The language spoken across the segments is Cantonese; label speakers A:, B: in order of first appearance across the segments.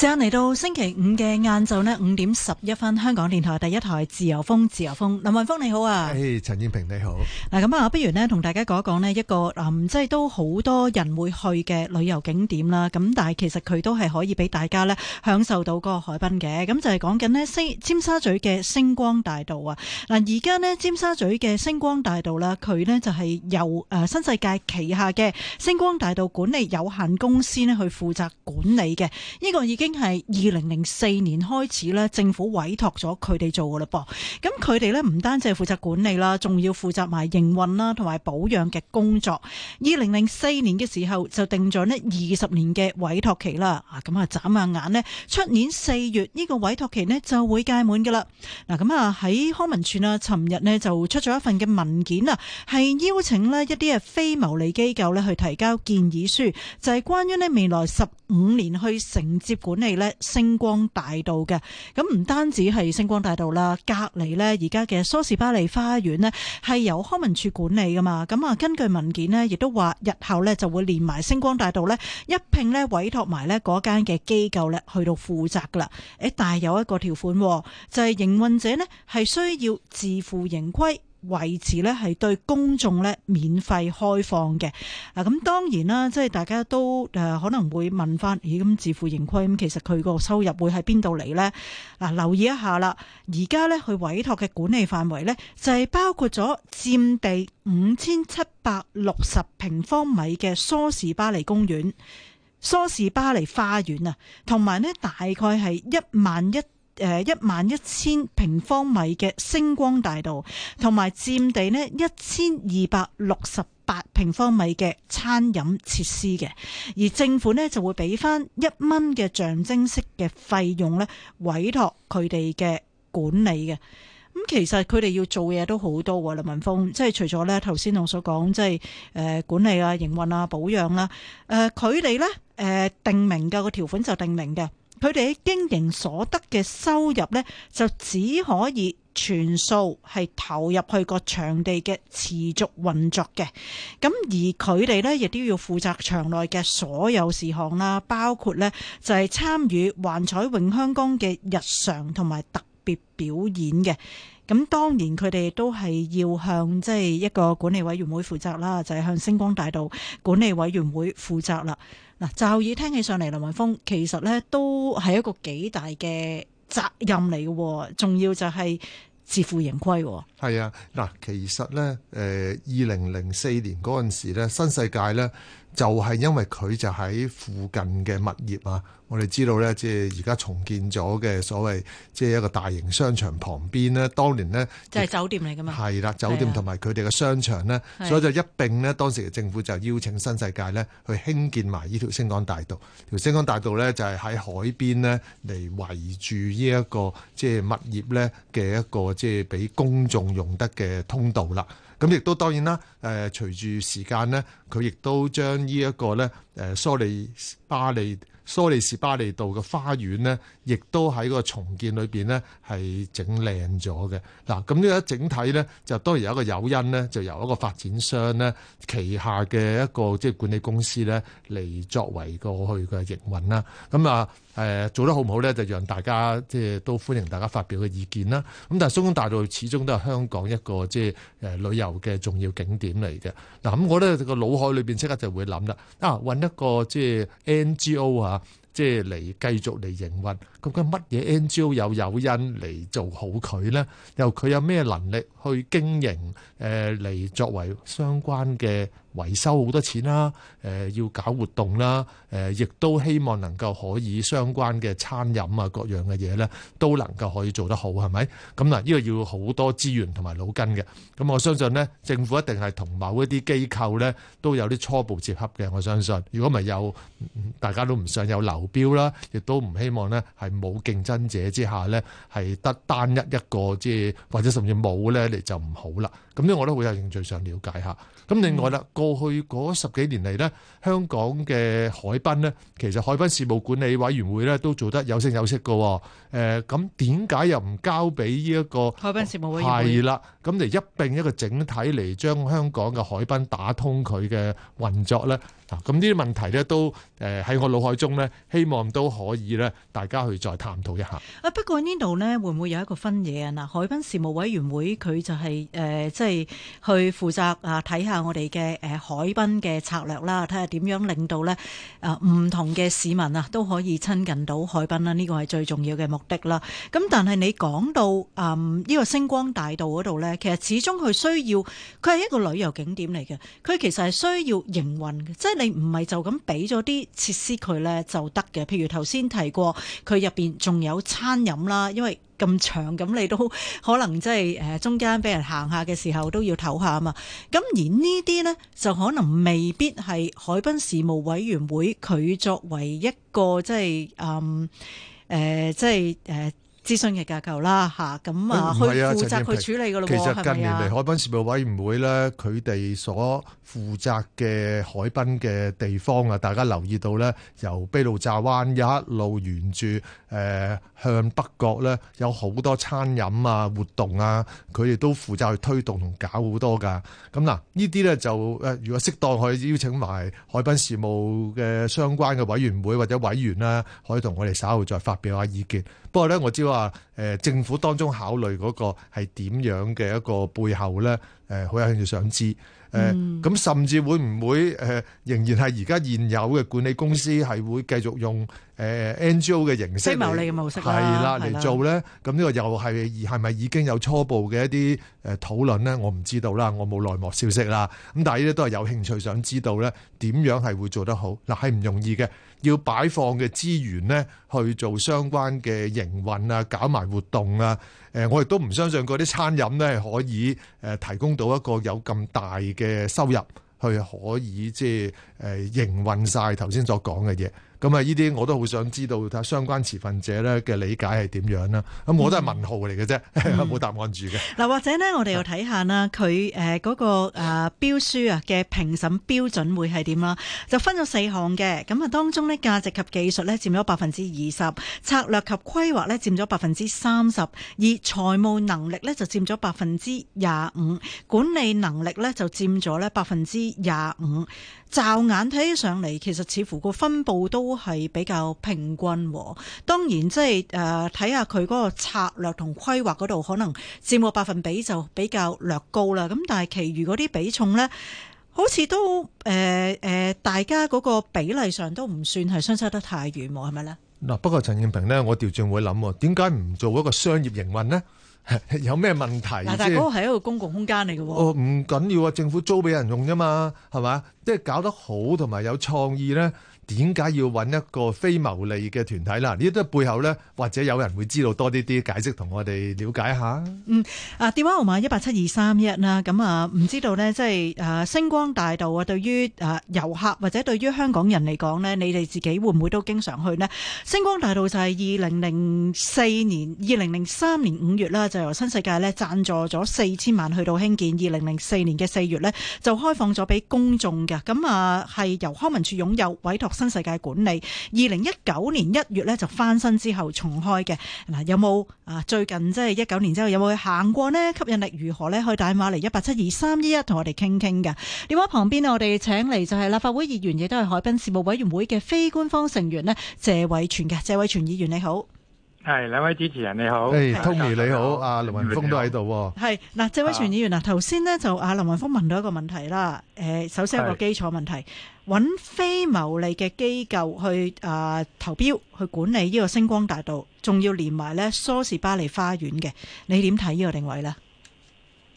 A: 時間嚟到星期五嘅晏晝咧，五點十一分，香港電台第一台《自由風》，自由風，林文峰你好啊，誒、
B: hey,，陳燕平你好。
A: 嗱，咁啊，不如咧同大家講一講咧一個，啊、嗯、即係都好多人會去嘅旅遊景點啦。咁但係其實佢都係可以俾大家咧享受到個海濱嘅。咁就係講緊咧，星尖沙咀嘅星光大道啊。嗱，而家咧尖沙咀嘅星光大道啦，佢咧就係由誒新世界旗下嘅星光大道管理有限公司咧去負責管理嘅。呢個已經。已經係二零零四年開始咧，政府委託咗佢哋做噶啦噃。咁佢哋咧唔單止係負責管理啦，仲要負責埋營運啦，同埋保養嘅工作。二零零四年嘅時候就定咗咧二十年嘅委託期啦。啊，咁啊眨下眼呢，出年四月呢個委託期呢，就會屆滿噶啦。嗱，咁啊喺康文署啊，尋日呢就出咗一份嘅文件啊，係邀請呢一啲啊非牟利機構咧去提交建議書，就係、是、關於呢未來十五年去承接管理。管理咧星光大道嘅，咁唔單止係星光大道啦，隔籬呢而家嘅梳士巴利花園呢，係由康文署管理噶嘛，咁啊根據文件呢，亦都話日後呢就會連埋星光大道呢，一併呢委託埋呢嗰間嘅機構呢去到負責噶啦，誒但係有一個條款，就係營運者呢係需要自負盈虧。維持呢係對公眾咧免費開放嘅嗱，咁當然啦，即係大家都誒可能會問翻，「咦咁自負盈虧，咁其實佢個收入會喺邊度嚟呢？」嗱，留意一下啦，而家呢，去委託嘅管理範圍呢，就係包括咗佔地五千七百六十平方米嘅梳士巴利公園、梳士巴利花園啊，同埋呢大概係一萬一。誒一萬一千平方米嘅星光大道，同埋佔地呢一千二百六十八平方米嘅餐飲設施嘅，而政府呢，就會俾翻一蚊嘅象徵式嘅費用呢，委託佢哋嘅管理嘅。咁、嗯、其實佢哋要做嘢都好多喎，林文峰，即係除咗呢頭先我所講，即係、呃、管理營運啊、營運啊、保養啦，佢哋呢定明嘅個條款就定明嘅。佢哋喺經營所得嘅收入呢，就只可以全數係投入去個場地嘅持續運作嘅。咁而佢哋呢，亦都要負責場內嘅所有事項啦，包括呢就係參與幻彩詠香江嘅日常同埋特別表演嘅。咁當然佢哋都係要向即係一個管理委員會負責啦，就係向星光大道管理委員會負責啦。嗱，就以聽起上嚟，林文峰其實呢都係一個幾大嘅責任嚟嘅，仲要就係自負盈虧。
B: 係啊，嗱，其實呢，誒，二零零四年嗰陣時咧，新世界呢。就係因為佢就喺附近嘅物業啊！我哋知道咧，即係而家重建咗嘅所謂即係一個大型商場旁邊咧，當年咧
A: 就係酒店嚟㗎嘛。係
B: 啦，酒店同埋佢哋嘅商場咧，的所以就一並咧，當時嘅政府就邀請新世界咧去興建埋呢條星光大道。條星光大道咧就係喺海邊咧嚟圍住呢一個即係物業咧嘅一個即係俾公眾用得嘅通道啦。咁亦都當然啦，誒隨住時間咧，佢亦都將呢一個咧，誒蘇利巴利。梳士巴利道嘅花園咧，亦都喺個重建裏邊咧，係整靚咗嘅。嗱，咁呢個整體咧，就當然有一個誘因咧，就由一個發展商咧旗下嘅一個即係管理公司咧嚟作為過去嘅營運啦。咁啊誒，做得好唔好咧？就讓大家即係都歡迎大家發表嘅意見啦。咁但係星光大道始終都係香港一個即係誒旅遊嘅重要景點嚟嘅。嗱，咁我咧個腦海裏邊即刻就會諗啦，啊揾一個即係 NGO 啊！即係嚟繼續嚟營運，咁嘅乜嘢 NGO 有誘因嚟做好佢咧？又佢有咩能力去經營？誒、呃、嚟作為相關嘅。維修好多錢啦、呃，要搞活動啦，誒、呃、亦都希望能夠可以相關嘅餐飲啊各樣嘅嘢咧，都能夠可以做得好係咪？咁嗱，呢個要好多資源同埋腦筋嘅。咁我相信呢，政府一定係同某一啲機構咧都有啲初步接洽嘅。我相信，如果唔係有、嗯、大家都唔想有流標啦，亦都唔希望呢係冇競爭者之下呢，係得單一一個，即係或者甚至冇咧，你就唔好啦。咁呢，我都好有興趣想了解下。咁另外啦，過去嗰十幾年嚟咧，香港嘅海濱咧，其實海濱事務管理委員會咧都做得有聲有色嘅。誒，咁點解又唔交俾呢一個海濱事務委員會？係啦，咁嚟一並一個整體嚟將香港嘅海濱打通佢嘅運作咧。啊！咁呢啲問題呢都喺我腦海中呢，希望都可以呢大家去再探討一下。
A: 啊！不過呢度呢會唔會有一個分野啊？嗱，海濱事務委員會佢就係即係去負責啊，睇下我哋嘅海濱嘅策略啦，睇下點樣令到呢啊唔同嘅市民啊都可以親近到海濱啦，呢個係最重要嘅目的啦。咁但係你講到啊呢個星光大道嗰度呢，其實始終佢需要，佢係一個旅遊景點嚟嘅，佢其實係需要營運嘅，即係你唔係就咁俾咗啲設施佢咧就得嘅，譬如頭先提過，佢入邊仲有餐飲啦，因為咁長咁，你都可能即係誒中間俾人行下嘅時候都要唞下啊嘛。咁而呢啲咧就可能未必係海濱事務委員會佢作為一個即係誒、嗯呃、即係誒。呃諮詢嘅架構啦，嚇咁啊，啊啊去負責去處理噶咯。其實近年嚟，是是啊、海
B: 濱事務委員會咧，佢哋所負責嘅海濱嘅地方啊，大家留意到咧，由卑路乍灣一路沿住誒、呃、向北角咧，有好多餐飲啊、活動啊，佢哋都負責去推動同搞好多噶。咁嗱，呢啲咧就誒，如果適當可以邀請埋海濱事務嘅相關嘅委員會或者委員啦，可以同我哋稍後再發表下意見。不過咧，我知道誒政府當中考慮嗰個係點樣嘅一個背後咧，誒好有興趣想知，誒咁、嗯、甚至會唔會誒仍然係而家現有嘅管理公司係會繼續用？誒、呃、NGO 嘅形式嚟，係啦嚟做咧，咁呢個又係係咪已經有初步嘅一啲誒、呃、討論咧？我唔知道啦，我冇內幕消息啦。咁但係呢啲都係有興趣想知道咧，點樣係會做得好？嗱、呃，係唔容易嘅，要擺放嘅資源咧，去做相關嘅營運啊，搞埋活動啊。呃、我亦都唔相信嗰啲餐飲咧係可以誒提供到一個有咁大嘅收入，去可以即係誒營運晒頭先所講嘅嘢。咁啊！呢啲我都好想知道，睇下相關持份者咧嘅理解係點樣啦。咁我都係問號嚟嘅啫，冇、嗯、 答案住嘅。
A: 嗱，或者呢，我哋要睇下啦，佢誒嗰個誒標書啊嘅評審標準會係點啦？就分咗四項嘅。咁啊，當中呢，價值及技術呢佔咗百分之二十，策略及規劃呢佔咗百分之三十，而財務能力呢就佔咗百分之廿五，管理能力呢就佔咗呢百分之廿五。驟眼睇起上嚟，其實似乎個分佈都係比較平均。當然、就是，即係誒睇下佢嗰個策略同規劃嗰度，可能佔個百分比就比較略高啦。咁但係，其餘嗰啲比重咧，好似都誒、呃呃、大家嗰個比例上都唔算係相差得太遠喎，係咪咧？
B: 嗱，不過陳燕平呢，我調轉會諗點解唔做一個商業營運呢？ 有咩問題？嗱，但係嗰個係
A: 一個公共空間嚟嘅喎。哦，
B: 唔緊要啊，政府租俾人用啫嘛，係嘛？即係搞得好同埋有創意咧。點解要搵一個非牟利嘅團體啦？呢啲都係背後呢，或者有人會知道多啲啲解釋，同我哋了解下。嗯，
A: 啊電話號碼一八七二三一啦。咁啊，唔知道呢，即係誒星光大道啊，對於誒、啊、遊客或者對於香港人嚟講呢，你哋自己會唔會都經常去呢？星光大道就係二零零四年，二零零三年五月啦，就由新世界咧贊助咗四千萬去到興建。二零零四年嘅四月呢，就開放咗俾公眾嘅。咁啊，係由康文署擁有，委託。新世界管理，二零一九年一月咧，就翻新之後重開嘅。嗱，有冇啊？最近即係一九年之後有冇去行過咧？吸引力如何咧？可以打電話嚟一八七二三一一同我哋傾傾㗎。電話旁邊我哋請嚟就係立法會議員，亦都係海濱事務委員會嘅非官方成員咧，謝偉銓嘅謝偉銓議員你好，
B: 係兩位主持人你好，誒，Tommy 你好，阿林雲峰都喺度，
A: 係嗱，謝偉銓議員嗱，頭先咧就阿林雲峰問到一個問題啦，誒，首先一個基礎問題。揾非牟利嘅機構去誒投標去管理呢個星光大道，仲要連埋咧梳士巴利花園嘅，你點睇呢個定位咧？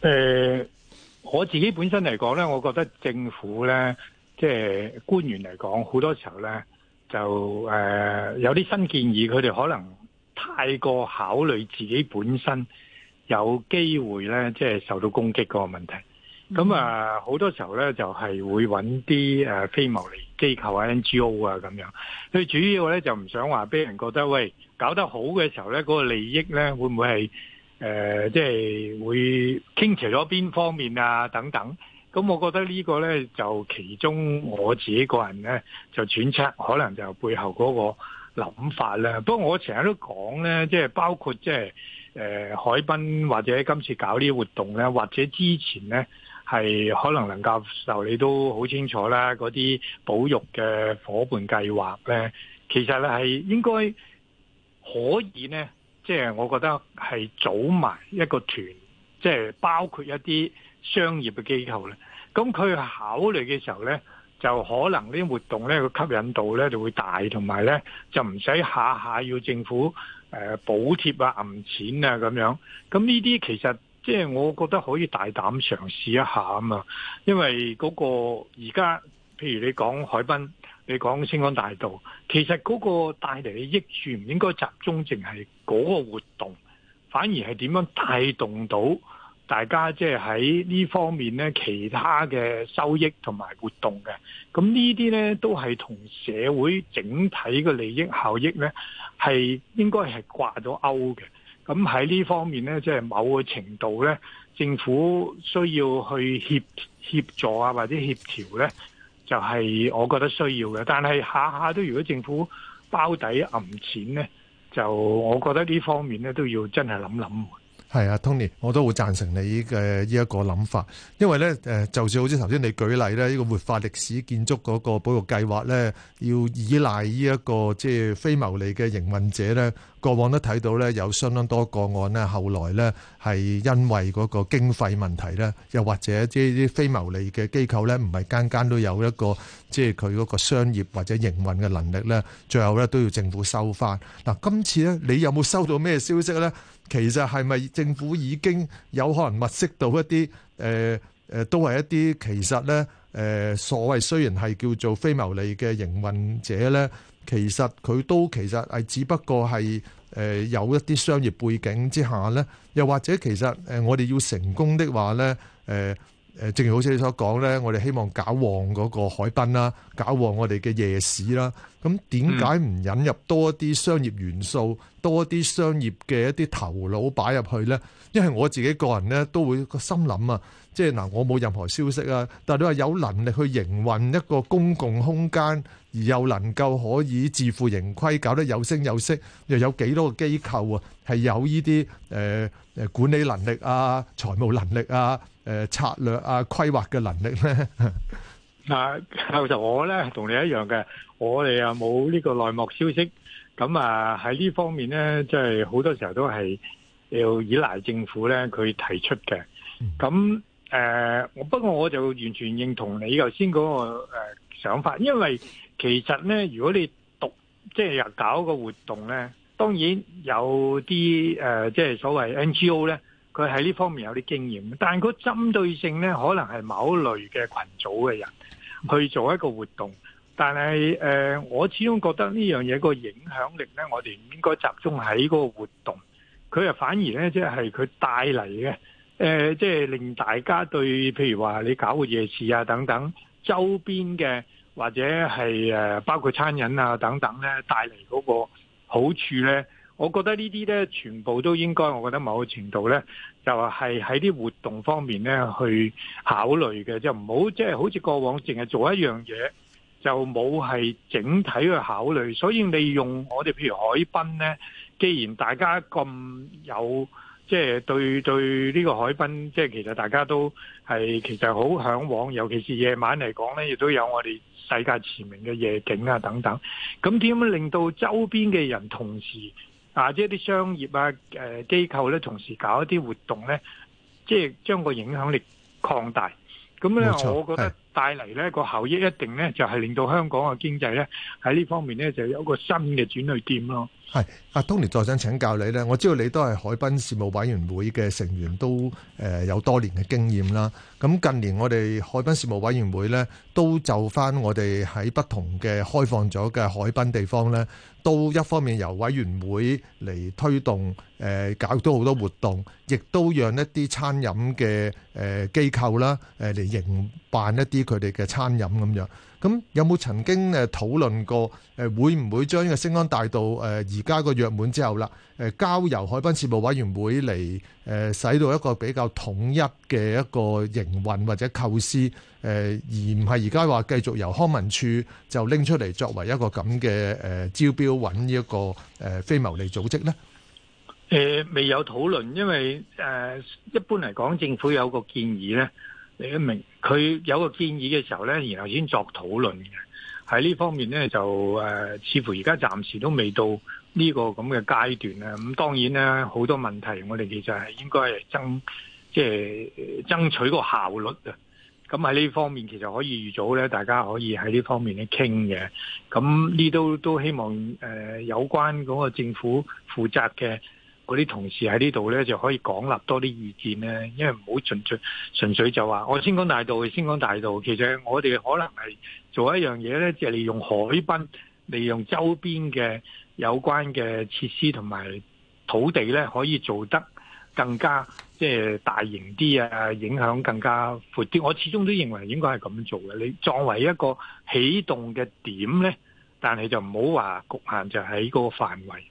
C: 誒，我自己本身嚟講咧，我覺得政府咧，即係官員嚟講，好多時候咧就誒有啲新建議，佢哋可能太過考慮自己本身有機會咧，即係受到攻擊嗰個問題。咁啊，好多時候咧就係會揾啲誒非牟利機構啊、NGO 啊咁樣，佢主要咧就唔想話俾人覺得，喂，搞得好嘅時候咧，嗰個利益咧會唔會係誒即係會傾斜咗邊方面啊等等。咁我覺得呢個咧就其中我自己個人咧就揣測可能就背後嗰個諗法啦。不過我成日都講咧，即係包括即係誒海濱或者今次搞呢啲活動咧，或者之前咧。係可能能教授你都好清楚啦，嗰啲保育嘅伙伴計劃咧，其實呢係應該可以咧，即係我覺得係組埋一個團，即係包括一啲商業嘅機構咧。咁佢考慮嘅時候咧，就可能啲活動咧個吸引度咧就會大，同埋咧就唔使下下要政府誒補貼啊、揞錢啊咁樣，咁呢啲其實。即係我覺得可以大膽嘗試一下啊嘛，因為嗰個而家，譬如你講海濱，你講星光大道，其實嗰個帶嚟嘅益處唔應該集中淨係嗰個活動，反而係點樣帶動到大家，即係喺呢方面呢，其他嘅收益同埋活動嘅，咁呢啲呢都係同社會整體嘅利益效益呢，係應該係掛咗鈎嘅。咁喺呢方面呢，即係某個程度呢，政府需要去協協助啊，或者協調呢，就係我覺得需要嘅。但係下下都如果政府包底揞錢呢，就我覺得呢方面呢，都要真係諗諗。
B: 係啊，Tony，我都會贊成你嘅呢一個諗法，因為咧誒，就算好似頭先你舉例咧，依、呢個活化歷史建築嗰個保育計劃咧，要依賴呢、呢、一個即係非牟利嘅營運者咧，過往都睇到咧有相當多個案咧，後來咧。係因為嗰個經費問題咧，又或者即係啲非牟利嘅機構咧，唔係間間都有一個即係佢嗰個商業或者營運嘅能力咧，最後咧都要政府收翻。嗱，今次咧你有冇收到咩消息咧？其實係咪政府已經有可能物色到一啲誒誒，都係一啲其實咧誒所謂雖然係叫做非牟利嘅營運者咧，其實佢都其實係只不過係。誒有一啲商業背景之下咧，又或者其實誒我哋要成功的話咧，誒誒正如好似你所講咧，我哋希望搞旺嗰個海濱啦，搞旺我哋嘅夜市啦，咁點解唔引入多啲商業元素、多啲商業嘅一啲頭腦擺入去咧？因為我自己個人咧都會個心諗啊，即係嗱，我冇任何消息啊，但係你話有能力去營運一個公共空間。而又能夠可以自負盈虧，搞得有聲有色，又有幾多個機構啊？係有呢啲誒誒管理能力啊、財務能力啊、誒、呃、策略啊、規劃嘅能力咧？嗱
C: 啊，其實我咧同你一樣嘅，我哋又冇呢個內幕消息。咁啊喺呢方面咧，即係好多時候都係要依賴政府咧佢提出嘅。咁誒、啊，不過我就完全認同你頭先嗰個想法，因為其實呢，如果你讀即係又搞個活動呢，當然有啲即係所謂 NGO 呢，佢喺呢方面有啲經驗。但係佢針對性呢，可能係某類嘅群組嘅人去做一個活動。但係誒、呃，我始終覺得呢樣嘢個影響力呢，我哋唔應該集中喺嗰個活動。佢又反而呢，即係佢帶嚟嘅誒，即係令大家對譬如話你搞個夜市啊等等周邊嘅。或者係誒包括餐飲啊等等咧，帶嚟嗰個好處咧，我覺得呢啲咧全部都應該，我覺得某個程度咧，就係喺啲活動方面咧去考慮嘅，就唔好即係好似過往淨係做一樣嘢，就冇係整體去考慮。所以利用我哋譬如海濱咧，既然大家咁有。即係對，對呢個海濱，即係其實大家都係其實好嚮往，尤其是夜晚嚟講呢，亦都有我哋世界馳名嘅夜景啊等等。咁點樣令到周邊嘅人同時啊，即係啲商業啊、誒機構呢同時搞一啲活動呢，即係將個影響力擴大。
B: 咁呢，冇錯，我覺得
C: 帶嚟呢個效益一定呢就係令到香港嘅經濟呢喺呢方面呢，就有一個新嘅轉捩點咯。
B: 係，阿 Tony 再想請教你咧，我知道你都係海濱事務委員會嘅成員，都誒有多年嘅經驗啦。咁近年我哋海濱事務委員會咧，都就翻我哋喺不同嘅開放咗嘅海濱地方咧，都一方面由委員會嚟推動誒搞到好多活動，亦都讓一啲餐飲嘅誒機構啦，誒嚟營辦一啲佢哋嘅餐飲咁樣。咁有冇曾經誒討論過，誒會唔會將呢個星光大道誒而家個約滿之後啦，誒交由海濱事務委員會嚟誒使到一個比較統一嘅一個營運或者構思誒，而唔係而家話繼續由康文署就拎出嚟作為一個咁嘅誒招標搵呢一個誒非牟利組織咧？
C: 誒、呃、未有討論，因為誒、呃、一般嚟講，政府有個建議咧。你明佢有個建議嘅時候咧，然後先作討論嘅。喺呢方面咧，就誒似乎而家暫時都未到呢個咁嘅階段啦。咁當然咧，好多問題我哋其實係應該爭，即係爭取嗰個效率啊。咁喺呢方面其實可以預早咧，大家可以喺呢方面咧傾嘅。咁呢都都希望誒有關嗰個政府負責嘅。我啲同事喺呢度呢，就可以講立多啲意見呢。因為唔好純粹純粹就話我星光大道，星光大道。其實我哋可能係做一樣嘢呢，即係利用海濱、利用周邊嘅有關嘅設施同埋土地呢，可以做得更加即係大型啲啊，影響更加闊啲。我始終都認為應該係咁做嘅。你作為一個起動嘅點呢，但係就唔好話局限就喺嗰個範圍。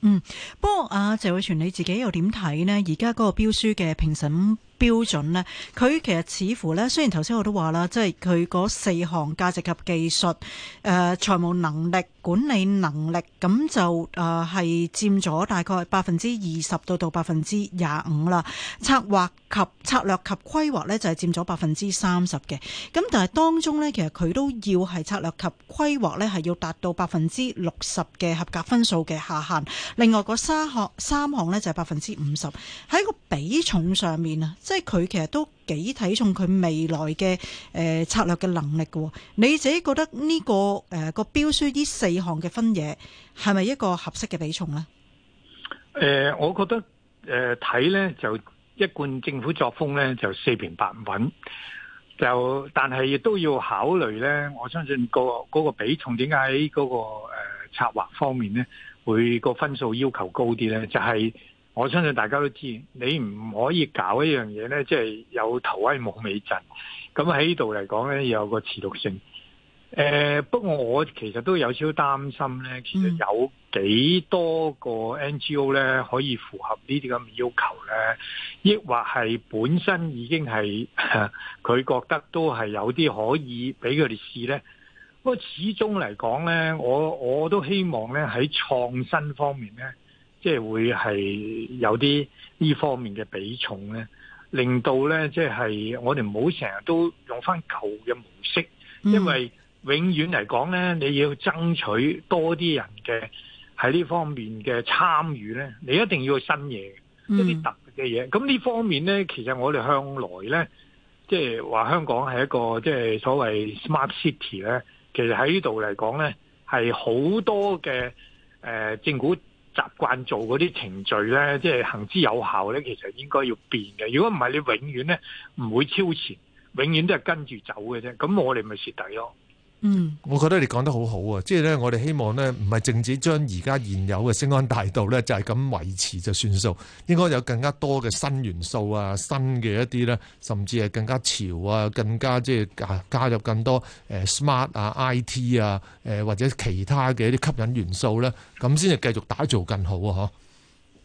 A: 嗯，不過啊，謝偉銓你自己又點睇呢？而家嗰個標書嘅評審標準呢，佢其實似乎呢，雖然頭先我都話啦，即係佢嗰四項價值及技術、誒、呃、財務能力。管理能力咁就誒係佔咗大概百分之二十到到百分之廿五啦，策劃及策略及規劃咧，就係佔咗百分之三十嘅。咁但係當中咧，其實佢都要係策略及規劃咧係要達到百分之六十嘅合格分數嘅下限。另外個三項三項咧就係百分之五十喺個比重上面啊，即係佢其實都。幾睇重佢未來嘅誒、呃、策略嘅能力嘅、哦，你自己覺得呢、呢個誒、呃、個標書呢四項嘅分野係咪一個合適嘅比重咧？
C: 誒、呃，我覺得誒睇咧就一貫政府作風咧就四平八穩，就但係亦都要考慮咧。我相信、嗰個嗰、嗰個比重點解喺嗰個、呃、策劃方面咧會、嗰個分數要求高啲咧，就係、係。我相信大家都知，你唔可以搞一樣嘢呢，即、就、係、是、有頭威冇尾陣。咁喺呢度嚟講呢，有個持續性。
D: 誒、呃，
C: 不過我其實都有少少擔心呢，其實有幾多個 NGO 呢，可以符合呢啲咁嘅要求呢？抑或係本身已經係佢覺得都係有啲可以俾佢哋試呢？不過始終嚟講呢，我我都希望呢，喺創新方面呢。即係會係有啲呢方面嘅比重咧，令到咧即係我哋唔好成日都用翻舊嘅模式，因為永遠嚟講咧，你要爭取多啲人嘅喺呢方面嘅參與咧，你一定要去新嘢，
B: 一啲特
C: 別嘅嘢。咁呢方面咧，其實我哋向來咧，即係話香港係一個即係所謂 smart city 咧，其實喺呢度嚟講咧，係好多嘅誒、呃、政府。習慣做嗰啲程序咧，即係行之有效咧，其實應該要變嘅。如果唔係，你永遠咧唔會超前，永遠都係跟住走嘅啫。咁我哋咪蝕底咯。
D: 嗯，
B: 我覺得你講得好好啊！即係咧，我哋希望咧，唔係淨止將而家現有嘅星光大道咧，就係咁維持就算數。應該有更加多嘅新元素啊，新嘅一啲咧，甚至係更加潮啊，更加即係加加入更多誒 smart 啊、IT 啊誒或者其他嘅一啲吸引元素咧，咁先至繼續打造更好啊！
C: 嗬，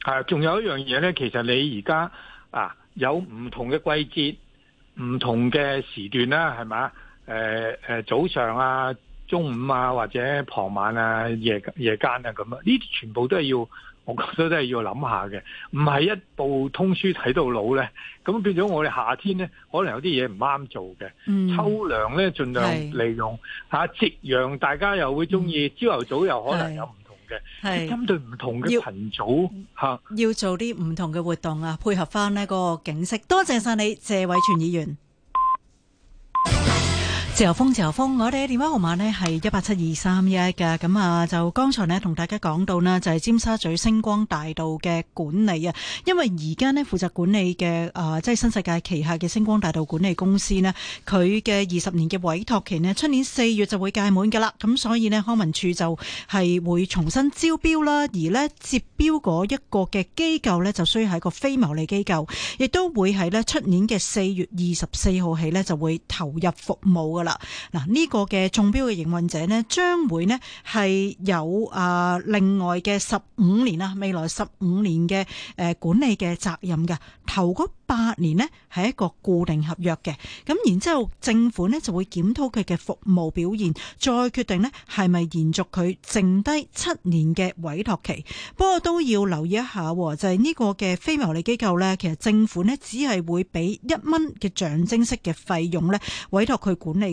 C: 係，仲有一樣嘢咧，其實你而家啊有唔同嘅季節、唔同嘅時段啦，係咪？誒誒、呃，早上啊，中午啊，或者傍晚啊，夜夜間啊這，咁啊，呢啲全部都係要，我覺得都係要諗下嘅，唔係一部通書睇到老咧，咁變咗我哋夏天咧，可能有啲嘢唔啱做嘅，嗯、秋涼咧盡量利用吓，夕陽是、啊、大家又會中意，朝頭、嗯、早又可能有唔同嘅，係針是對唔同嘅群組吓，要，
A: 是要做啲唔同嘅活動啊，配合翻呢個景色，多謝晒你謝偉銓議員。自由風，自由風，我哋嘅電話號碼咧係一八七二三一嘅。咁啊，就剛才咧同大家講到呢就係、是、尖沙咀星光大道嘅管理啊。因為而家咧負責管理嘅啊，即、呃、係、就是、新世界旗下嘅星光大道管理公司咧，佢嘅二十年嘅委託期咧，出年四月就會屆滿噶啦。咁所以咧，康文署就係會重新招標啦。而咧接標嗰一個嘅機構咧，就需要係一個非牟利機構，亦都會係咧出年嘅四月二十四號起咧就會投入服務嘅。啦，嗱呢、這個嘅中標嘅營運者咧，將會咧係有啊另外嘅十五年啦，未來十五年嘅誒、呃、管理嘅責任嘅。頭嗰八年咧係一個固定合約嘅，咁然之後政府咧就會檢討佢嘅服務表現，再決定咧係咪延續佢剩低七年嘅委託期。不過都要留意一下，就係、是、呢個嘅非牟利機構咧，其實政府咧只係會俾一蚊嘅象徵式嘅費用咧委託佢管理。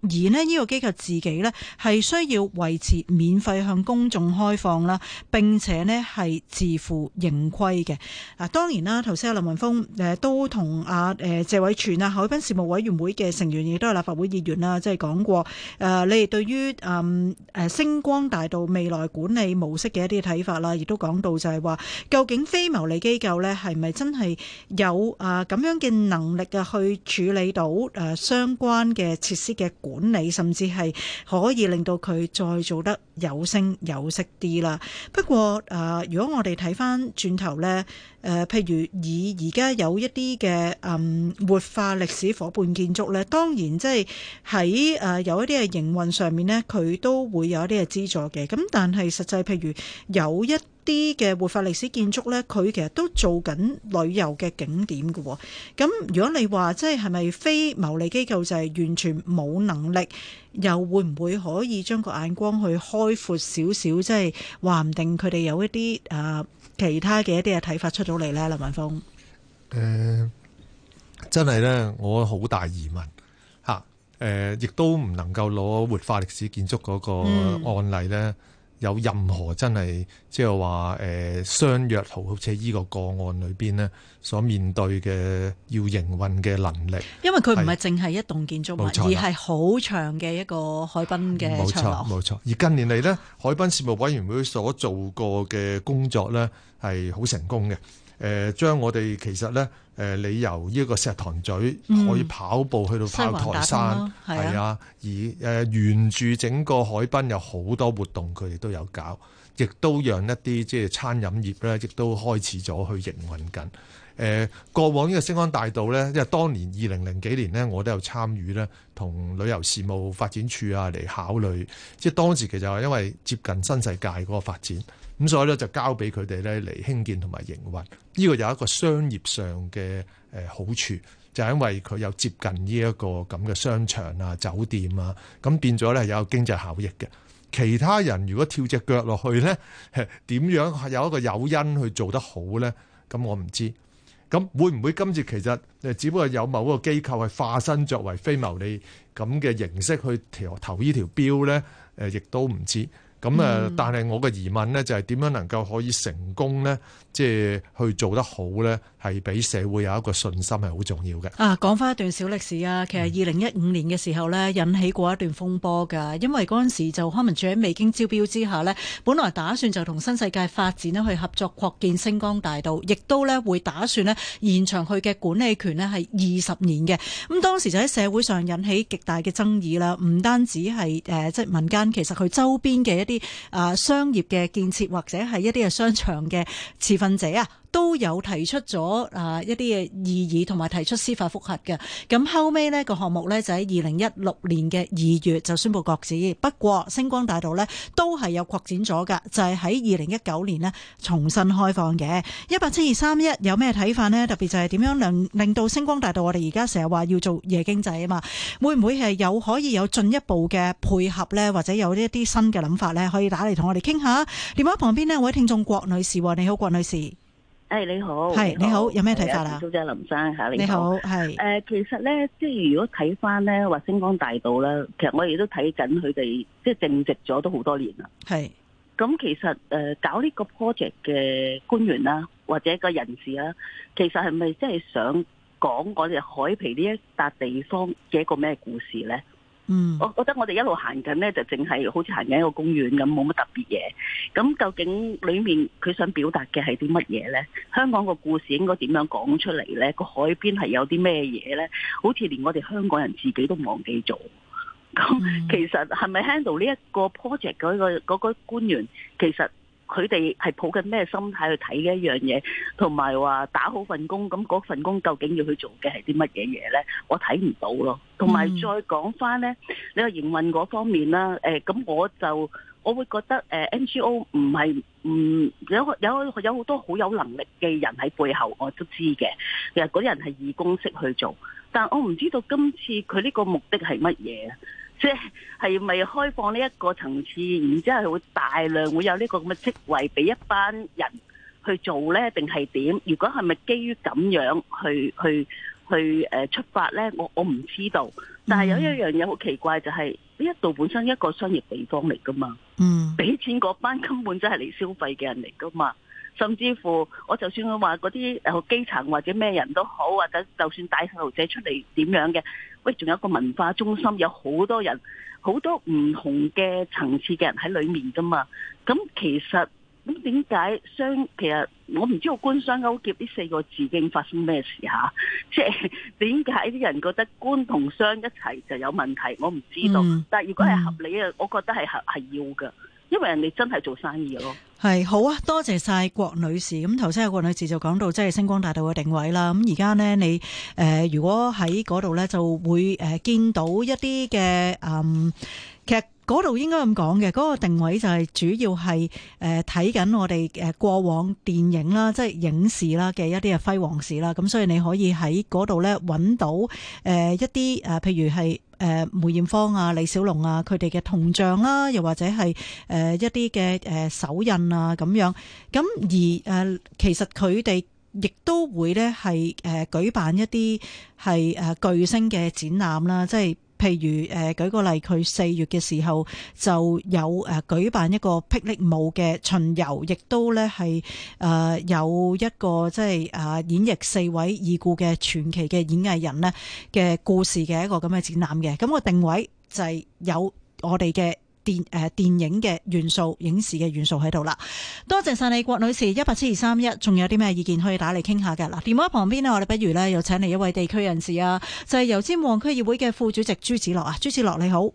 A: 而呢呢、這個機構自己咧係需要維持免費向公眾開放啦，並且咧係自負盈虧嘅。啊。當然啦，頭先阿林文峰誒、呃、都同阿誒謝偉銓啊、呃、海濱事務委員會嘅成員亦都係立法會議員啦，即係講過誒、呃，你哋對於誒誒星光大道未來管理模式嘅一啲睇法啦，亦都講到就係話，究竟非牟利機構咧係咪真係有啊咁樣嘅能力啊去處理到誒、啊、相關嘅設施嘅？管理甚至係可以令到佢再做得有聲有色啲啦。不過，呃，如果我哋睇翻轉頭咧。誒、呃，譬如以而家有一啲嘅嗯活化歷史伙伴建築咧，當然即係喺誒有一啲嘅營運上面咧，佢都會有一啲嘅資助嘅。咁但係實際譬如有一啲嘅活化歷史建築咧，佢其實都做緊旅遊嘅景點㗎喎、哦。咁如果你話即係係咪非牟利機構就係完全冇能力，又會唔會可以將個眼光去開闊少少？即係話唔定佢哋有一啲誒。呃其他嘅一啲嘅睇法出咗嚟咧，林文峰、
B: 嗯，誒真係咧，我好大疑問嚇，誒亦都唔能夠攞活化歷史建築嗰個案例咧。有任何真係即係話誒相約豪豪車依個個案裏邊咧，所面對嘅要營運嘅能力，因為佢唔係
A: 淨係一棟建築物，而係好長嘅一個海濱嘅長廊。冇錯，
B: 冇錯，而近年嚟咧，海濱事務委員會所做過嘅工作咧係好成功嘅。誒，將我哋其實咧。誒、呃，你由呢個石塘咀、嗯、可以跑步去到炮台山，係啊，而誒沿住整個海濱有好多活動，佢哋都有搞，亦都讓一啲即係餐飲業咧，亦都開始咗去營運緊。誒、呃，過往呢個星光大道咧，因為當年二零零幾年咧，我都有參與咧，同旅遊事務發展處啊嚟考慮，即係當時其實係因為接近新世界嗰個發展。咁所以咧就交俾佢哋咧嚟興建同埋營運，呢個有一個商業上嘅誒好處，就係因為佢有接近呢一個咁嘅商場啊、酒店啊，咁變咗咧有經濟效益嘅。其他人如果跳隻腳落去咧，點樣有一個誘因去做得好咧？咁我唔知。咁會唔會今次其實誒，只不過有某一個機構係化身作為非牟利咁嘅形式去投投呢條標咧？誒，亦都唔知。咁、嗯、但係我嘅疑問呢，就係、是、點樣能夠可以成功呢？即、就、係、是、去做得好呢，係俾社會有一個信心係好重要嘅。
A: 啊，講翻一段小歷史啊，其實二零一五年嘅時候呢，引起過一段風波㗎，因為嗰陣時就康文署喺未經招標之下呢，本來打算就同新世界發展呢去合作擴建星光大道，亦都呢會打算呢延長佢嘅管理權呢係二十年嘅。咁、嗯、當時就喺社會上引起極大嘅爭議啦，唔單止係誒、呃、即係民間其實佢周邊嘅一啲啊商業嘅建設或者係一啲嘅商場嘅持份者啊，都有提出咗啊，一啲嘅異議，同埋提出司法複核嘅，咁後尾呢個項目呢，就喺二零一六年嘅二月就宣布擱置。不過星光大道呢，都係有擴展咗㗎，就係喺二零一九年呢重新開放嘅。一八七二三一有咩睇法呢？特別就係點樣能令到星光大道我哋而家成日話要做夜經濟啊嘛？會唔會係有可以有進一步嘅配合呢？或者有一啲新嘅諗法呢？可以打嚟同我哋傾下。電話旁邊呢位聽眾郭女士，你好，郭女士。
D: 誒，你好係你好，有咩睇法啦？小姐林生，吓你好，係誒，其實咧，即係如果睇翻咧，話星光大道呢，其實我亦都睇緊佢哋，即係正值咗都好多年啦。係是，咁其實誒、呃，搞呢個 project 嘅官員啦、啊，或者個人士啦、啊，其實係咪真係想講我哋海皮呢一笪地方嘅一個咩故事咧？嗯， 我覺得我哋一路行緊咧，就淨係好似行緊一個公園咁，冇乜特別嘢。咁究竟裡面佢想表達嘅係啲乜嘢咧？香港個故事應該點樣講出嚟咧？個海邊係有啲咩嘢咧？好似連我哋香港人自己都忘記咗。咁其實係咪 handle 呢一個 project 嗰個嗰個官員其實？佢哋係抱緊咩心態去睇嘅一樣嘢，同埋話打好份工，咁嗰份工究竟要去做嘅係啲乜嘢嘢咧？我睇唔到咯。同埋再講返咧，你話營運嗰方面啦，誒咁我就我會覺得誒 NGO 唔係唔有有有好多好有能力嘅人喺背後，我都知嘅。其實嗰啲人係義工式去做，但我唔知道今次佢呢個目的係乜嘢。即係係咪開放呢一個層次，然之後會大量會有呢個咁嘅職位俾一班人去做呢？定係點？如果係咪基於咁樣去去去誒出發呢？我我唔知道。但係有一樣嘢好奇怪，就係呢一度本身是一個商業地方嚟噶嘛，嗯，俾錢嗰班根本真係嚟消費嘅人嚟噶嘛。甚至乎，我就算佢話嗰啲誒基層或者咩人都好，或者就算帶細路仔出嚟點樣嘅。喂，仲有一個文化中心，有好多人，好多唔同嘅層次嘅人喺裏面噶嘛。咁其實咁點解商？其實我唔知道官商勾結呢四個字已經發生咩事吓、啊。即係點解啲人覺得官同商一齊就有問題？我唔知道。嗯、但係如果係合理嘅，嗯、我覺得係合，係要噶。因為人哋
A: 真係做生意嘅咯，係好啊！多謝晒郭女士。咁頭先郭女士就講到，即係星光大道嘅定位啦。咁而家呢，你誒、呃，如果喺嗰度咧，就會誒見到一啲嘅誒，嗯劇嗰度應該咁講嘅，嗰、嗰個定位就係主要係睇緊我哋誒過往電影啦，即係影視啦嘅一啲嘅輝煌史啦。咁所以你可以喺嗰度咧揾到一啲，譬如係梅艷芳啊、李小龍啊佢哋嘅銅像啦、啊，又或者係一啲嘅誒手印啊咁樣。咁而其實佢哋亦都會咧係誒舉辦一啲係巨星嘅展覽啦，即係。譬如誒舉個例，佢四月嘅時候就有誒舉辦一個霹靂舞嘅巡遊，亦都咧係誒有一個即係誒演繹四位已故嘅傳奇嘅演藝人呢嘅故事嘅一個咁嘅展覽嘅，咁、那個定位就係有我哋嘅。電誒電影嘅元素、影視嘅元素喺度啦，多謝晒你郭女士一八七二三一，仲有啲咩意見可以打嚟傾下嘅嗱？電話旁邊呢，我哋不如呢，又請嚟一位地區人士啊，就係、是、油尖旺區議會嘅副主席朱子洛啊，朱子洛你好，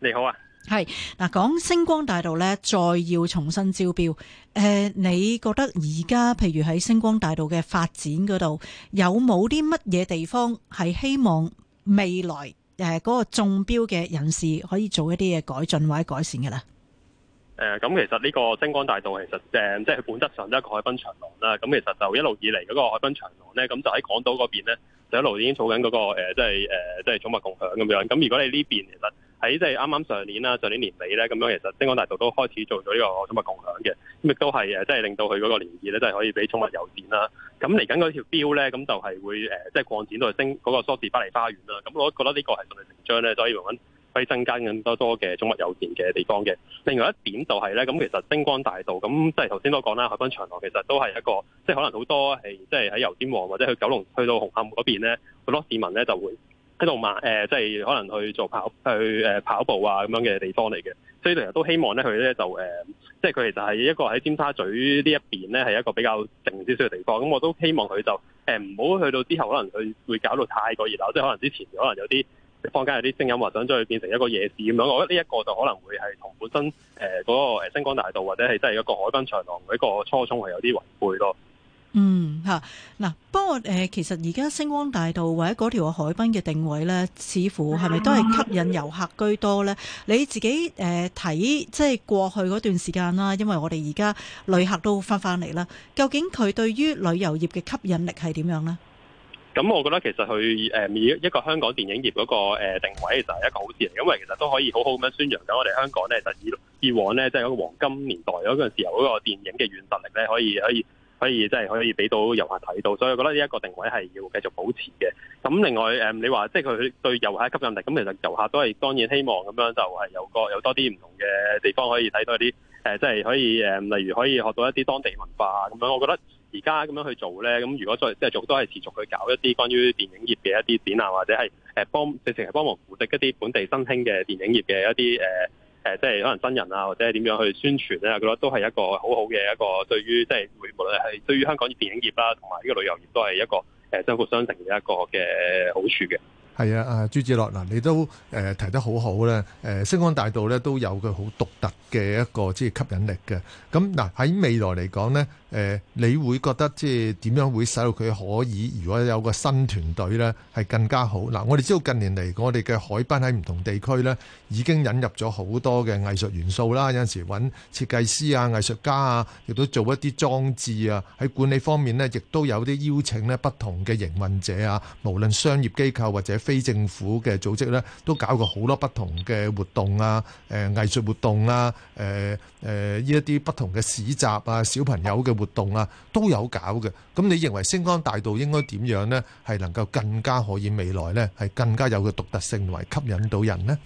A: 你好啊，係嗱，講星光大道呢，再要重新招標，誒、呃，你覺得而家譬如喺星光大道嘅發展嗰度，有冇啲乜嘢地方係希望未來？誒嗰個中標嘅人士可以做一啲嘅改進或者改善嘅
E: 咧、呃。誒咁其實呢個星光大道其實誒即係本質上都係一個海濱長廊啦。咁其實就一路以嚟嗰個海濱長廊咧，咁就喺港島嗰邊咧，就一路已經做緊、那、嗰個即係誒即係寵物共享咁樣。咁如果你呢邊其實喺即係啱啱上年啦，上年年尾咧，咁樣其實星光大道都開始做咗呢個寵物共享嘅。亦都係即係令到佢嗰個連接咧，就係可以俾寵物郵件啦。咁嚟緊嗰條標咧，咁就係會即係擴展到去升嗰個梳士巴利花園啦。咁我覺得呢個係順理成章咧，所以用可以增加咁多多嘅寵物郵件嘅地方嘅。另外一點就係、是、咧，咁其實星光大道咁即係頭先都講啦，海濱長廊其實都係一個，即、就、係、是、可能好多係即係喺油尖旺或者去九龍去到紅磡嗰邊咧，好多市民咧就會。喺度賣即係可能去做跑、去誒跑步啊咁樣嘅地方嚟嘅，所以其實都希望咧，佢、呃、咧就誒，即係佢其實係一個喺尖沙咀呢一邊咧，係一個比較靜少少嘅地方。咁我都希望佢就誒唔好去到之後，可能佢會搞到太過熱鬧，即係可能之前可能有啲坊間有啲聲音話想將佢變成一個夜市咁樣。我覺得呢一個就可能會係同本身誒嗰、呃嗰個星光大道或者係真係一個海濱長廊呢個初衷係有啲違背咯。
A: 嗯吓，嗱，不過誒，其實而家星光大道或者嗰條海濱嘅定位咧，似乎係咪都係吸引遊客居多咧？你自己誒睇，即係過去嗰段時間啦，因為我哋而家旅客都翻翻嚟啦，究竟佢對於旅遊業嘅吸引力係點樣呢？
E: 咁、嗯、我覺得其實佢誒，一個香港電影業嗰個誒定位就係一個好事嚟，因為其實都可以好好咁樣宣揚緊我哋香港咧，就以以往咧，即係一個黃金年代嗰陣時候，嗰個電影嘅軟實力咧，可以可以，可以即係、就是、可以俾到遊客睇到，所以我覺得呢一個定位係要繼續保持嘅。咁另外你話即係佢對遊客吸引力，咁其實遊客都係當然希望咁樣就係有個有多啲唔同嘅地方可以睇到一啲即係可以、呃、例如可以學到一啲當地文化咁樣。我覺得而家咁樣去做咧，咁如果再即係做都係持續去搞一啲關於電影業嘅一啲展覽，或者係誒幫直情係幫忙扶植一啲本地新興嘅電影業嘅一啲誒，即係可能新人啊，或者點樣去宣傳咧，覺得都係一個好好嘅一個對於，即係無論係對於香港電影業啦，同埋呢個旅遊業都係一個誒相輔相成嘅一個嘅好處嘅。
B: 係啊，朱子洛嗱，你都誒提得好好咧。星光大道咧都有佢好獨特嘅一個即係吸引力嘅。咁嗱喺未來嚟講呢，你會覺得即係點樣會使到佢可以？如果有個新團隊呢，係更加好。嗱，我哋知道近年嚟，我哋嘅海濱喺唔同地區呢已經引入咗好多嘅藝術元素啦。有陣時揾設計師啊、藝術家啊，亦都做一啲裝置啊。喺管理方面呢，亦都有啲邀請呢不同嘅營運者啊，無論商業機構或者。非政府嘅組織咧，都搞過好多不同嘅活動啊，誒藝術活動啦，誒誒呢一啲不同嘅市集啊，小朋友嘅活動啦，都有搞嘅。咁你認為星光大道應該點樣咧，係能夠更加可以未來咧，係更加有個獨特性，為吸引到人咧？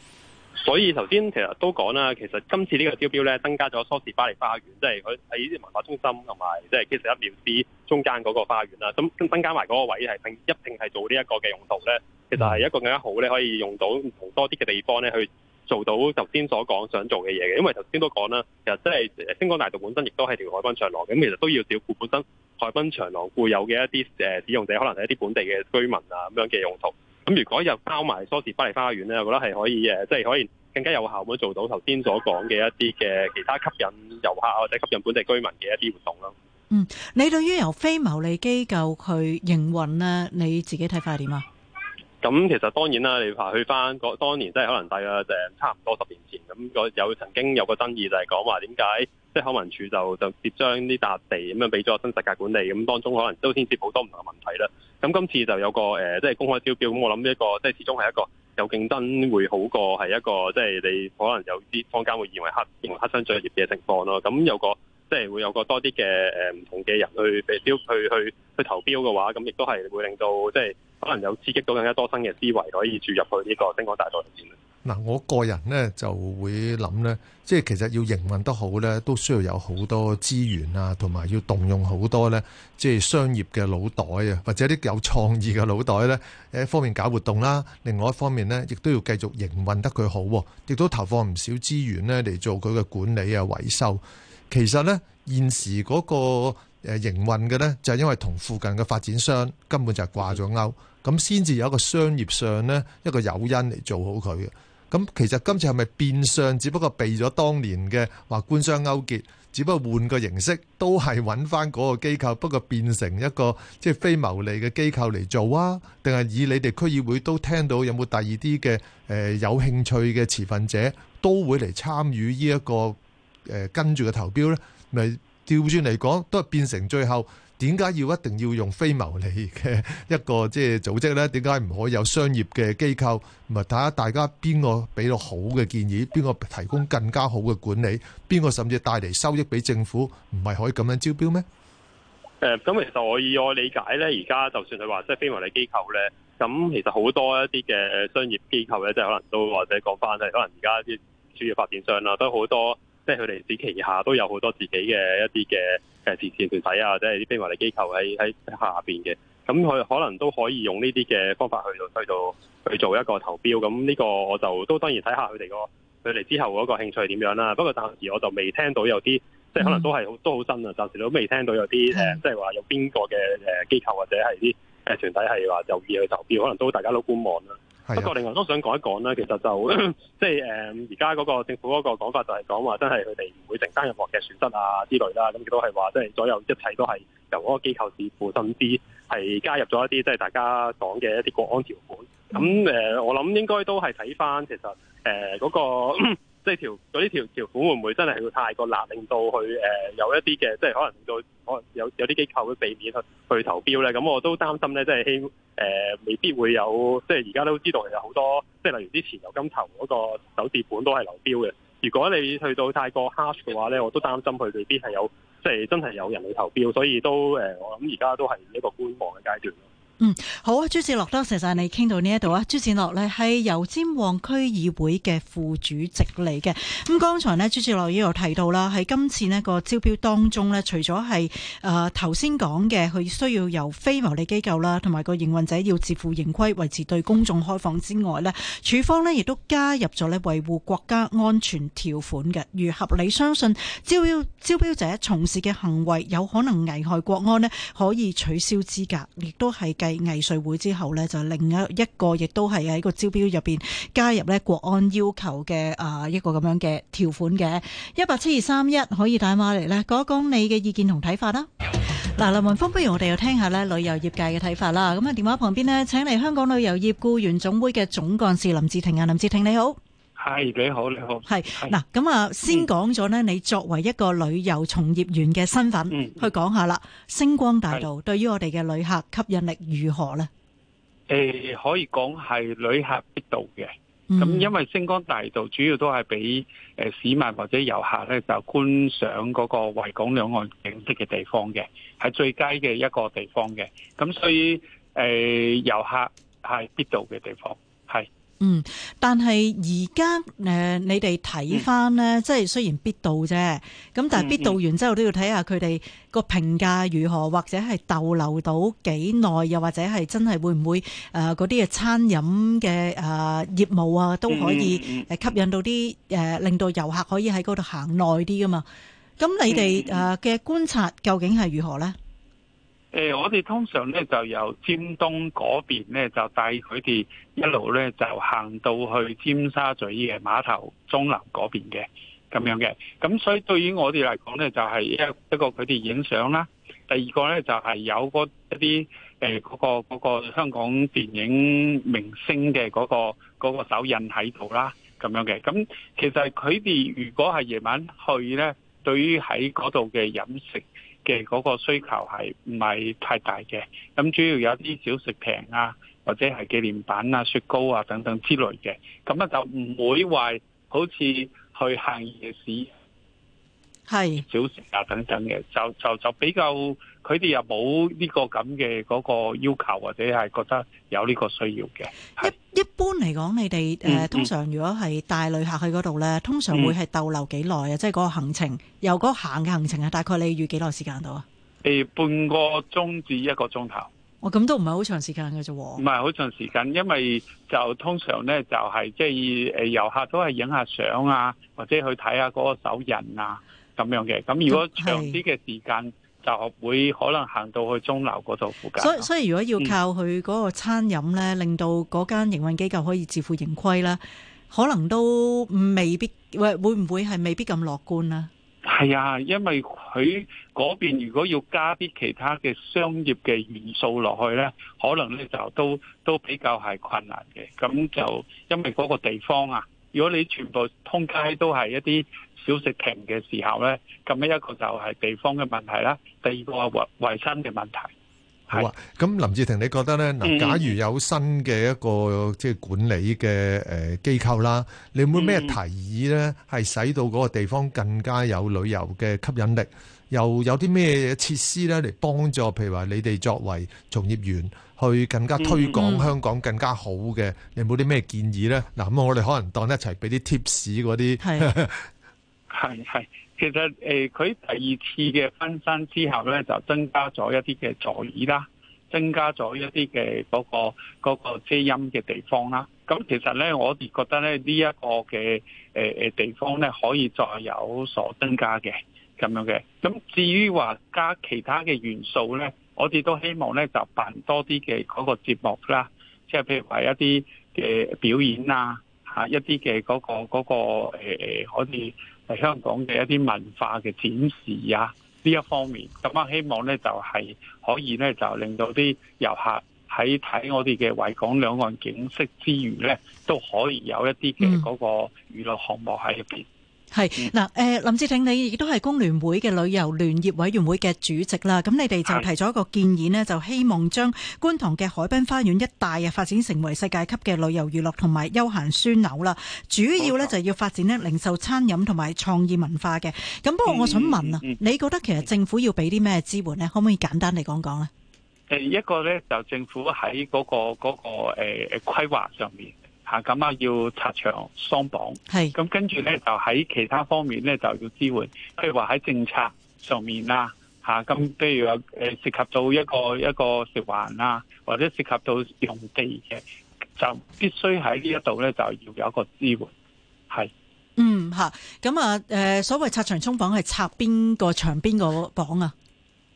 E: 所以頭先其實都講啦，其實今次呢個招標咧，增加咗梳士巴利花園，即係佢喺文化中心同埋即係 K11 中間嗰個花園啦。咁增加埋嗰個位係一一定係做呢一個嘅用途咧。其實係一個更加好咧，可以用到唔同多啲嘅地方咧，去做到頭先所講想做嘅嘢嘅。因為頭先都講啦，其實即係星光大道本身亦都係條海濱長廊，咁其實都要照顧本身海濱長廊固有嘅一啲誒使用者，可能係一啲本地嘅居民啊咁樣嘅用途。咁如果又包埋梳士巴黎花園咧，我覺得係可以誒，即係可以更加有效咁做到頭先所講嘅一啲嘅其他吸引遊客或者吸引本地居民嘅一啲活動咯。嗯，
A: 你對於由非牟利機構去營運咧，你自己睇法係點啊？
E: 咁其實當然啦，你話去翻個當年即係可能大約啦，誒差唔多十年前咁有,有曾經有個爭議就係講話點解即係康文署就是、就,就接將呢笪地咁樣俾咗新世界管理，咁當中可能都牽涉好多唔同嘅問題啦。咁今次就有個誒即係公開招標，咁我諗呢一個即係、就是、始終係一個有競爭會好過係一個即係、就是、你可能有啲坊間會認為黑認為黑箱作業嘅情況咯。咁有個即係、就是、會有個多啲嘅誒唔同嘅人去俾標去去去,去投標嘅話，咁亦都係會令到即係。就是可能有刺激到更加多新嘅思維可以注入去呢個星光
B: 大道。嗱、啊，我個人呢就會諗呢，即係其實要營運得好呢，都需要有好多資源啊，同埋要動用好多呢，即係商業嘅腦袋啊，或者啲有創意嘅腦袋呢，一方面搞活動啦、啊，另外一方面呢，亦都要繼續營運得佢好、啊，亦都投放唔少資源呢嚟做佢嘅管理啊、維修。其實呢，現時嗰個誒營運嘅呢，就係、是、因為同附近嘅發展商根本就係掛咗鈎。咁先至有一個商業上呢一個誘因嚟做好佢嘅，咁其實今次係咪變相，只不過避咗當年嘅話官商勾結，只不過換個形式，都係揾翻嗰個機構，不過變成一個即係非牟利嘅機構嚟做啊？定係以你哋區議會都聽到有冇第二啲嘅誒有興趣嘅持份者都會嚟參與呢一個誒跟住嘅投標呢？咪調轉嚟講，都係變成最後。點解要一定要用非牟利嘅一個即係組織咧？點解唔可以有商業嘅機構？唔係睇下大家邊個俾到好嘅建議，邊個提供更加好嘅管理，邊個甚至帶嚟收益俾政府，唔係可以咁樣招標咩？
E: 誒，咁其實我以我理解咧，而家就算係話即係非牟利機構咧，咁其實好多一啲嘅商業機構咧，即係可能都或者講翻係可能而家啲專業發展商啦，都好多。即係佢哋子旗下都有好多自己嘅一啲嘅誒慈善團體啊，或者啲非牟利機構喺喺下邊嘅，咁佢可能都可以用呢啲嘅方法去到去到去做一個投標。咁呢個我就都當然睇下佢哋個佢哋之後嗰個興趣點樣啦。不過暫時我就未聽到有啲，即係可能都係都好新啊。暫時都未聽到有啲誒，即係話有邊個嘅誒機構或者係啲誒團體係話有意去投標，可能都大家都觀望啦。不過，另外都想講一講啦。其實就即係誒，而家嗰個政府嗰個講法就係講話，真係佢哋唔會承擔任何嘅損失啊之類啦。咁亦都係話，即係所有一切都係由嗰個機構自負，甚至係加入咗一啲即係大家講嘅一啲國安條款。咁、呃、我諗應該都係睇翻其實誒嗰、呃那個。即係條嗰啲條條款會唔會真係要太過難，令到去有一啲嘅，即係可能到可能有有啲機構會避免去去投標咧。咁我都擔心咧，即係希未必會有。即係而家都知道其實好多，即係例如之前有金頭嗰個首置盤都係流標嘅。如果你去到太過 hard 嘅話咧，我都擔心佢未必係有，即係真係有人去投標。所以都我諗而家都係一個觀望嘅階段。
A: 嗯，好，朱子洛多謝晒你傾到呢一度啊！朱子洛呢係油尖旺區議會嘅副主席嚟嘅。咁剛才呢，朱子洛已經提到啦，喺今次呢個招標當中呢，除咗係誒頭先講嘅，佢、呃、需要由非牟利機構啦，同埋個營運者要自負盈虧，維持對公眾開放之外呢，處方呢亦都加入咗呢維護國家安全條款嘅，如合理相信招標招標者從事嘅行為有可能危害國安呢，可以取消資格，亦都係藝術會之後呢就另一一個亦都係喺個招標入邊加入呢國安要求嘅啊、呃、一個咁樣嘅條款嘅一八七二三一，31, 可以打電話嚟呢講一講你嘅意見同睇法啦。嗱有，林文峰，不如我哋又聽下咧旅遊業界嘅睇法啦。咁啊，電話旁邊呢請嚟香港旅遊業雇員總會嘅總幹事林志挺。啊，林志挺，你好。
F: 係你好，你好。
A: 係嗱，咁啊，先講咗咧，你作為一個旅遊從業員嘅身份，mm. 去講下啦。星光大道對於我哋嘅旅客吸引力如何咧？
F: 誒、呃，可以講係旅客必到嘅。
C: 咁因為
F: 星光大道主要都係俾誒市民或者遊客咧，就觀賞嗰個維港兩岸景色嘅地方嘅，係最佳嘅一個地方嘅。咁所以誒，遊、呃、客呃、遊客係必到嘅地方。
A: 嗯，但係而家誒，你哋睇翻咧，嗯、即係雖然必到啫，咁但係必到完之後都要睇下佢哋個評價如何，或者係逗留到幾耐，又或者係真係會唔會誒嗰啲嘅餐飲嘅誒業務啊，都可以誒吸引到啲誒、呃、令到遊客可以喺嗰度行耐啲噶嘛？咁你哋誒嘅觀察究竟係如何咧？
F: 誒，我哋通常咧就由尖東嗰邊咧就帶佢哋一路咧就行到去尖沙咀嘅碼頭中南嗰邊嘅咁樣嘅，咁所以對於我哋嚟講咧就係一個佢哋影相啦，第二個咧就係有嗰一啲誒嗰個嗰個香港電影明星嘅嗰個嗰個手印喺度啦，咁樣嘅。咁其實佢哋如果係夜晚去咧，對於喺嗰度嘅飲食嘅嗰個需求係唔係太大嘅？咁主要有啲小食平啊，或者係紀念品啊、雪糕啊等等之類嘅，咁啊就唔會話好似去行夜市、係小食啊等等嘅，就就就比較。佢哋又冇呢個咁嘅嗰個要求，或者係覺得有呢個需要嘅。一
A: 一般嚟講，你哋誒、嗯、通常如果係帶旅客去嗰度咧，嗯、通常會係逗留幾耐啊？即係嗰個行程，由個行嘅行程啊，大概你預幾耐時間到
F: 啊？誒，半個鐘至一個鐘頭。
A: 哇、哦，咁都唔係好長時間㗎咋喎。
F: 唔係好長時間，因為就通常咧就係即係誒遊客都係影下相啊，或者去睇下嗰個手印啊咁樣嘅。咁如果長啲嘅時間。嗯就會可能行到去鐘樓嗰度附近。所以
A: 所以，如果要靠佢嗰個餐飲咧，令到嗰間營運機構可以自負盈虧啦，可能都未必，誒會唔會係未必咁樂觀啊？
F: 係啊，因為佢嗰邊如果要加啲其他嘅商業嘅元素落去咧，可能咧就都都比較係困難嘅。咁就因為嗰個地方啊，如果你全部通街都係一啲。小食
B: 亭嘅時候呢，咁樣一個就係地方嘅問題啦。第二個係衞衞生嘅問題。好啊，咁林志挺，你覺得呢？嗱，假如有新嘅一個即係管理嘅誒機構啦，嗯、你有冇咩提議呢？係使到嗰個地方更加有旅遊嘅吸引力，又有啲咩設施呢嚟幫助？譬如話你哋作為從業員，去更加推廣香港更加好嘅，嗯嗯、你有冇啲咩建議呢？嗱，咁我哋可能當一齊俾啲 tips 嗰啲。的
F: 係係，其實誒，佢、呃、第二次嘅分身之後咧，就增加咗一啲嘅座椅啦，增加咗一啲嘅嗰個、那個那個遮陰嘅地方啦。咁其實咧，我哋覺得咧呢一、這個嘅誒誒地方咧，可以再有所增加嘅咁樣嘅。咁至於話加其他嘅元素咧，我哋都希望咧就辦多啲嘅嗰個節目啦，即係譬如話一啲嘅表演啊，吓、啊、一啲嘅嗰個、那個誒誒、那個呃、可以。係香港嘅一啲文化嘅展示啊呢一方面，咁啊希望咧就係可以咧就令到啲遊客喺睇我哋嘅維港兩岸景色之餘咧，都可以有一啲嘅嗰個娛樂項目喺入邊。嗯。
A: 係嗱，誒，林志挺，你亦都係工聯會嘅旅遊聯業委員會嘅主席啦。咁你哋就提咗一個建議呢，就希望將觀塘嘅海濱花園一帶啊發展成為世界級嘅旅遊娛樂同埋休閒樞紐啦。主要呢，就要發展呢，零售餐飲同埋創意文化嘅。咁不過我想問啊，嗯嗯嗯，你覺得其實政府要俾啲咩支援呢？可唔可以簡單嚟講講呢？誒，
F: 一個呢，就政府喺嗰，那個嗰，那個誒規劃上面。吓咁啊！要拆牆、鬆綁，係咁是，跟住咧就喺其他方面咧就要支援，譬如話喺政策上面啦，嚇、啊、咁、啊，譬如話誒涉及到一個一個食環啊，或者涉及到用地嘅，就必須喺呢一度咧就要有一個支援。係
A: 嗯嚇，咁啊誒，所謂拆牆、衝綁係拆邊個牆、邊個綁啊？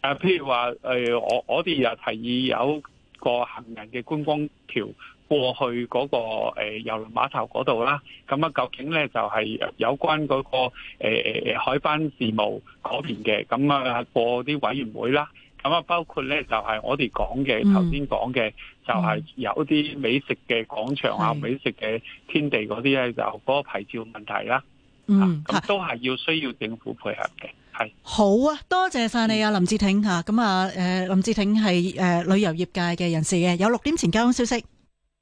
F: 誒、啊，譬如話誒、呃，我我哋又提議有個行人嘅觀光橋。過去嗰個遊輪碼頭嗰度啦，咁啊，究竟咧就係有關嗰、嗰個、呃、海濱事務嗰邊嘅咁啊，嗯、過啲委員會啦。咁啊，包括咧就係我哋講嘅頭先講嘅，嗯、就係有啲美食嘅廣場啊，是美食嘅天地嗰啲咧，就嗰個牌照問題啦。嗯，
B: 咁、
F: 啊、都係要需要政府配合嘅，
A: 好啊，多謝晒你啊，林志挺。咁啊，林志挺係、呃、旅遊業界嘅人士嘅，有六點前交通消息。